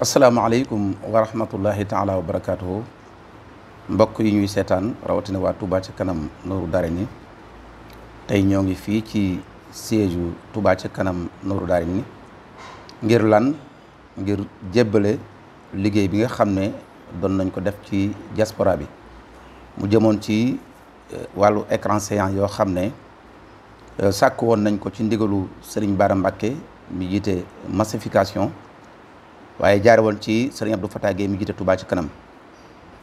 asalaamaaleykum wa rahmatullahi taala wa barakaatuhu mbokk yi ñuy seetaan rawatina waa Touba ca kanam nooru daarayni tey ñoo ngi fii ci siège tubaa Touba ca kanam nooru daarayni ngir lan ngir jébbale liggéey bi nga xam ne doon nañ ko def ci diaspora bi mu jëmoon ci eh, wàllu écran géant yoo xam ne eh, sàkk woon nañ ko ci ndigalu Serigne Bara Mbacké mi jiite massification waaye jaare woon ci sëriñ Abdou Fatah Gueye mi jiite Touba ci kanam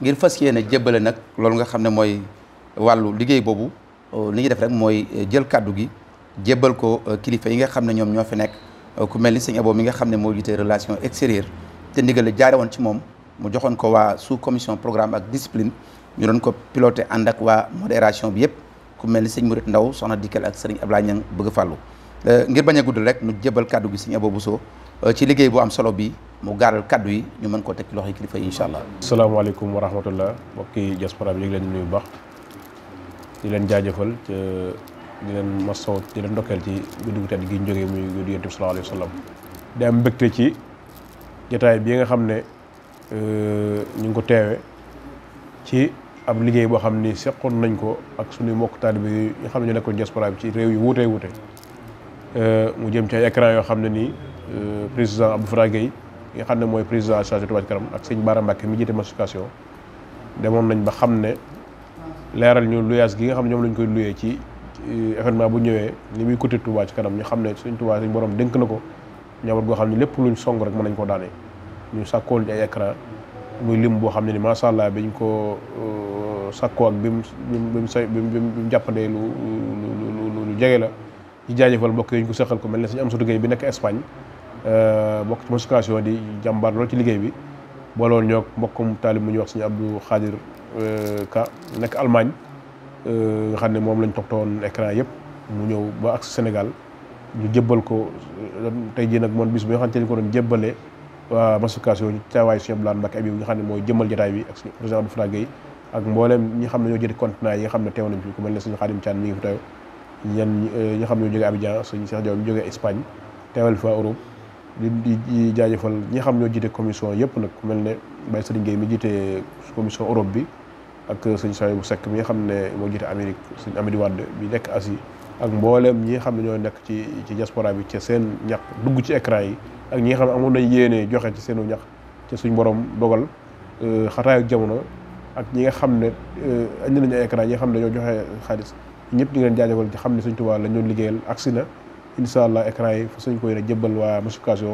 ngir fas yéene jébbale nag loolu nga xam ne mooy wàllu liggéey boobu li ñuy def rek mooy jël kàddu gi jébbal ko euh, kilifa yi nga xam ne ñoom ñoo fi nekk euh, ku mel ni sëñ Abo mi nga xam ne moo jiite relation extérieure te ndigal la jaare woon ci moom mu joxoon ko waa sous commission programme ak discipline ñu doon ko piloté ànd ak waa modération bi yëpp ku mel ni sëñ Mouride Ndaw soxna Dikkal ak sëriñ Ablaye Niang bëgg fàllu Euh, ngir bañ a gudd rek mu jébal kàddu gi Sëriñ Abo Bousso euh, ci liggéey bu am solo bi mu gaaral kàddu yi ñu mën koo teg loxo loxoy kilifa yi incha allah. asalaamaaleykum wa rahmatullah mbokki diaspora bi ñu ngi leen di nuyu bu leen jaajëfal ci di leen masaw di leen ndokkeel ci guddi gu tedd gi ñu jógee muy guddi Yonent bi ci jotaay bi nga xam ne euh, ñu ngi ko teewe ci ab liggéey boo xam ni seqoon nañ ko ak suñu mbokk taalibe yi nga xam ne ñu nekkoon diaspora bi ci réew yu wuute wuute. Euh, mu jëm ci ay écran yoo xam ne nii euh, président Abdou Fatah Gueye nga xam ne mooy président association Touba Ca Kanam ak sëñ Bara Mbacke mi jiite massification demoon nañ ba xam ne leeral ñu luyaas gi nga xam ne ñoom lañu koy luyee ci événement bu ñëwee li muy côté Touba Ca Kanam ñu xam ne suñ Touba suñ borom dénk na ko ñaawat goo xam ne lépp luñ song rek ma nañ koo daanee ñu sàkkool ñu ay écran muy lim boo xam ne ni macha allah biñ ko euh, sàkkoo ak bi mu bi mu sa bi mu jàppandee lu lu lu la. di jaajëfal mbokk yi ñu ko seqal ko mel ne suñu am su liggéey bi nekk Espagne euh, bokk ci massification di jàmbaar lool ci liggéey bi booloon ñoo mbokkum taalib mu ñuy wax suñu Abdou Khadir euh, Ka nekk Allemagne euh, nga xam ne moom lañ togtoon écran yëpp mu ñëw ba ak Sénégal ñu jébbal ko tey jii nag moom bis bi nga xam ne ñu ko doon jébbalee waa xam ne mooy bi ak mbooleem ñi xam ne ñoo jëri continent yi nga xam ne teew fi ku mel ne suñu Khadim Thiane mi ngi fi teew ñenn euh, ñi nga xam ne ñoo jóge Abidjan sëñ Cheikh Diaw jóge Espagne teewal fa jaajëfal ñi xam ñoo jiite commission yëpp nag mel ne Baye Serigne Gueye mi jiite commission Europe bi ak sëñ Saay bu Sekk mi nga xam ne moo jiite Amérique sëñ Amady Wade bi nekk Asie ak mbooleem ñi xam ne ñoo nekk ci ci diaspora bi ca seen ñax dugg ci écran yi ak ñi nga xam ne amoon nañ yéene joxe ci seenu ñax ci suñ borom dogal euh, xataay ak jamono ak ñi nga xam ne euh, indi nañu ay écran ñi xam ne dañoo joxe xaalis ñëpp ñu leen jaajëfal ci xam ne Sëñ Tuubaa la ñu doon liggéeyal agsi na incha allah écran yi fa suñ koy ne jëbbal waa Mouscazon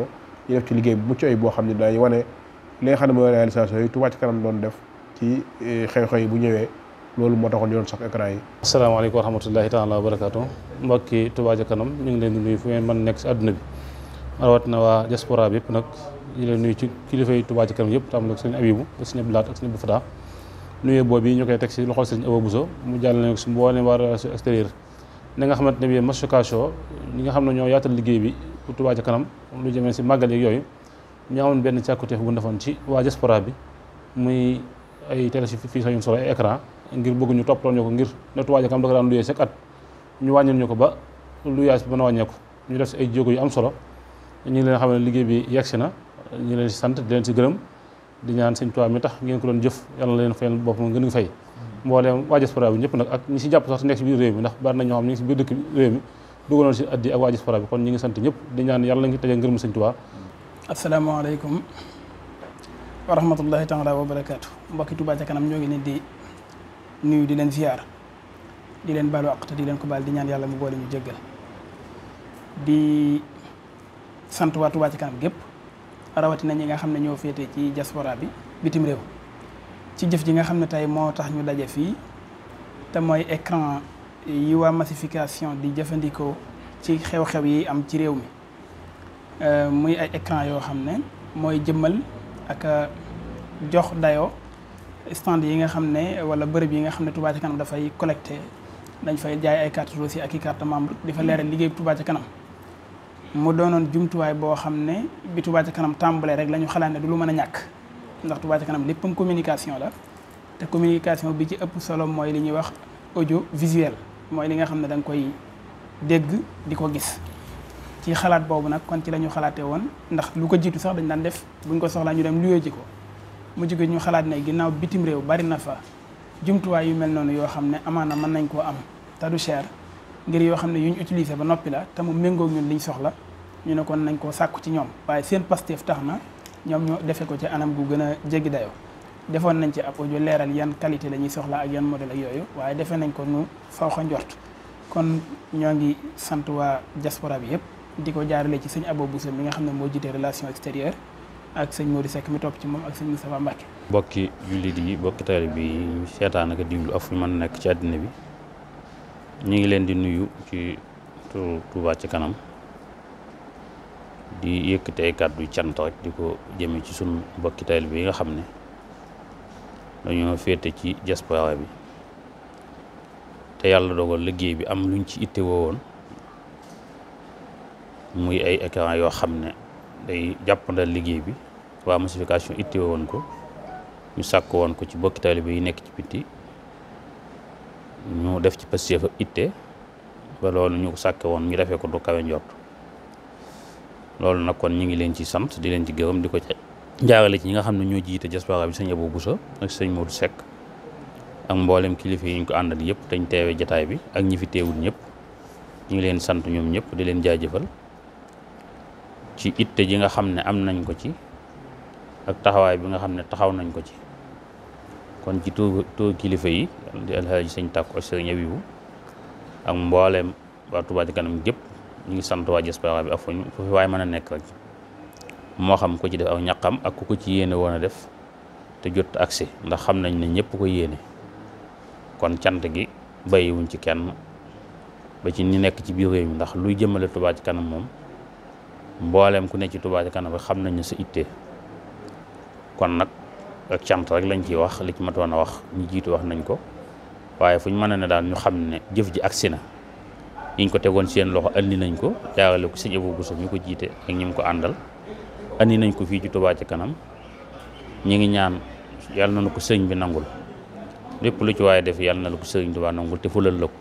ñu def ci liggéey bu mucc ay boo xam ne daañu wane li nga xam ne mooy réalisation yi Touba Ca Kanam doon def ci eh, xew-xew bu ñëwee loolu moo taxoon ñu doon sax écran yi asalaamaaleykum wa rahmatullahi taala wa barakaatu mbokki Touba Kanam ñu ngi leen di nuyu nekk si àdduna bi rawat na waa diaspora bi yëpp nag ñu leen nuyu ci kilifa yi Touba Kanam yëpp tam la sëñ Abibu ak sëñ Abdulaat ak sëñ Abdu Fataa nuyoo boobu yi koy teg si loxo sëriñ Abo Bousso mu jàllale ko si mboolem waa relation extérieure na nga xamante ne bii massukasio ñi nga xam ne ñoo yaatal liggéey bi pour Touba ca kanam lu jëmee si màggal yooyu ñu amoon benn càkkuteef bu ndefoon ci waa diaspora bi muy ay télé si fii sañun solo ay ngir bëgg ñu toppatoon ñu ko ngir ne Touba ca kanam da ko ñu wàññil ñu ko ba luyaas bi mën wàññeeku ñu def si ay jéego yu am solo ñu ngi leen xam ne liggéey bi yegsi na ñu leen si sant di leen si gërëm di ñaan sëñ Tuubaa mi tax ngeen ko doon jëf yàlla na leen fayal boppam ngeen ngi fay mbooleem waa diaspora bi ñëpp nag ak ñi si jàpp sax te nekk si biir réew mi ndax bari na ñoo xam ñu ngi si biir dëkk réew mi dugaloon si addi ak waa diaspora bi kon ñi ngi sant ñëpp di ñaan yàlla nañu tege ngërëm sëñ Tuubaa asalaamaaleykum wa rahmatullahi taala wa barakaatu mbokki Touba kanam ñoo ngi leen di nuyu di leen ziar di leen baalu wax te di leen ko baal di ñaan yàlla mu boole ñu jéggal di sant waa Touba rawatina ñi nga xam ne ñoo féete ci diaspora bi bitim réew ci jëf ji nga xam ne tey moo tax ñu daje fii te mooy écran yi waa massification di jëfandikoo ci xew-xew yi am ci réew mi euh, muy ay écran yoo xam ne mooy jëmmal ak euh, jox dayo stand yi nga xam ne wala bërëb yi nga xam ne Touba ca kanam dafay collecté dañ fay jaay ay carte aussi ak i carte membre di fa leeral liggéey Touba ca kanam mu doonoon jumtuwaay boo xam ne bi Touba Kanam tàmbalee rek lañu ñu xalaat ne du lu mën a ñàkk ndax Touba Ca Kanam léppam communication la te communication bi ci ëpp solo mooy li ñuy wax audio visuel mooy li nga xam ne da koy dégg di ko gis ci xalaat boobu nag kon ci la ñu xalaatee woon ndax lu ko jiitu sax dañ daan def buñ ko soxlaa ñu dem luyoo ji ko mu jóge ñu xalaat ne ginnaaw bitim réew bari na fa jumtuwaay yu mel noonu yoo xam ne amaana mën nañ koo am te du cher ngir yoo xam ne yuñ utilisé ba noppi la te mu méngoo ñun liñ soxla ñu ne kon nañ koo sàkku ci ñoom waaye seen pasteef tax na ñoom ñoo defee ko ci anam gu gën a jéggi dayoo defoon nañ ci ab audio leeral yan qualité la ñuy soxla ak yan modèle ak yooyu waaye defee nañ ko nu fawxa njort kon ñoo ngi sant waa diaspora bi yëpp di ko jaarale ci sëñ Abo Bousso mi nga xam ne moo jiite relation extérieure ak sëñ Modou Seck mi topp ci moom ak sëñ Moustapha Mbacke. mbokki jullit yi mbokki taalibe bi seetaan ak diwlu ak fu mën nekk ci àddina bi. ñu ngi leen di nuyu ci turu Touba ci kanam di yëkkati ay kàddu cant rek di ko jëme ci sunu mbokki taalibe bi nga xam ne dañoo féete ci diaspora bi te yàlla dogal liggéey bi am luñ ci itte woon muy ay écran yoo xam ne day jàppandal liggéey bi waa massification itte woowoon ko ñu sàkk woon ko ci mbokki bi yi nekk ci biti ñu def ci pastéef ak itte ba loolu ñu ko woon ñu defee ko du kawe njort loolu nag kon ñu ngi leen ci sant di leen ci gërëm di ko ca jaarale ci ñi nga xam ne ñoo jiite diaspora bi sëñ Abou Bousso sëñ Modou Seck ak mboolem kilifa yi ñu ko àndal yëpp dañ teewee jataay bi ak ñi fi teewul ñëpp ñu ngi leen sant ñoom ñëpp di leen jaajëfal ci itte ji nga xam ne am nañ ko ci ak taxawaay bi nga xam ne taxaw nañ ko ci kon ci too kilifa yi di alxaaji sëñ tàkko ak sëriñ mbooleem waa Touba Kanam gépp ñu ngi sant waa diaspora bi ak fuñ waaye mën a nekk rek moo xam ko ci def ak ñaqam ak ku ko ci yéene woon a def te jot agsi ndax xam nañ ne ñëpp ko yéene kon cant gi bàyyiwuñ ci kenn ba ci ñi nekk ci biir réew mi ndax luy jëmmale Touba Ca Kanam moom mbooleem ku nekk ci Touba Ca Kanam rek xam nañ ne sa ittee kon nag ak cant rek lañ ciy wax li ci matoon a wax ñu jiitu wax nañ ko waaye fu ñu mën a ne daal ñu xam ne jëf ji agsi na ñiñ ko tegoon seen loxo andi nañ ko jaarale ko sëñ Abou Bousso ñu ko jiite ak ñi ko àndal andi nañ ko fii ci Touba ci kanam ñi ngi ñaan yàlla na ko sëñ bi nangul lépp lu ci waaye def yàlla na la ko sëriñ Touba nangul te fulal la ko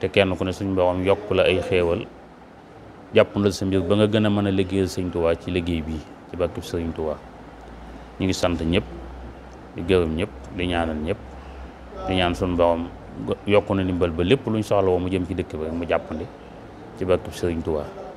te kenn ku ne suñ borom yokk la ay xéewal jàppandal sa mbir ba nga gën a mën a liggéeyal sëñ Touba ci liggéey bii ci bàkkib sëriñ ñu ngi sant ñëpp di gërëm ñëpp di ñaanal ñëpp di ñaan suñu borom yokku na ndimbal ba lépp luñ soxla woo mu jëm ci dëkk bi mu jàppandi ci barkeb Sëriñ Tuubaa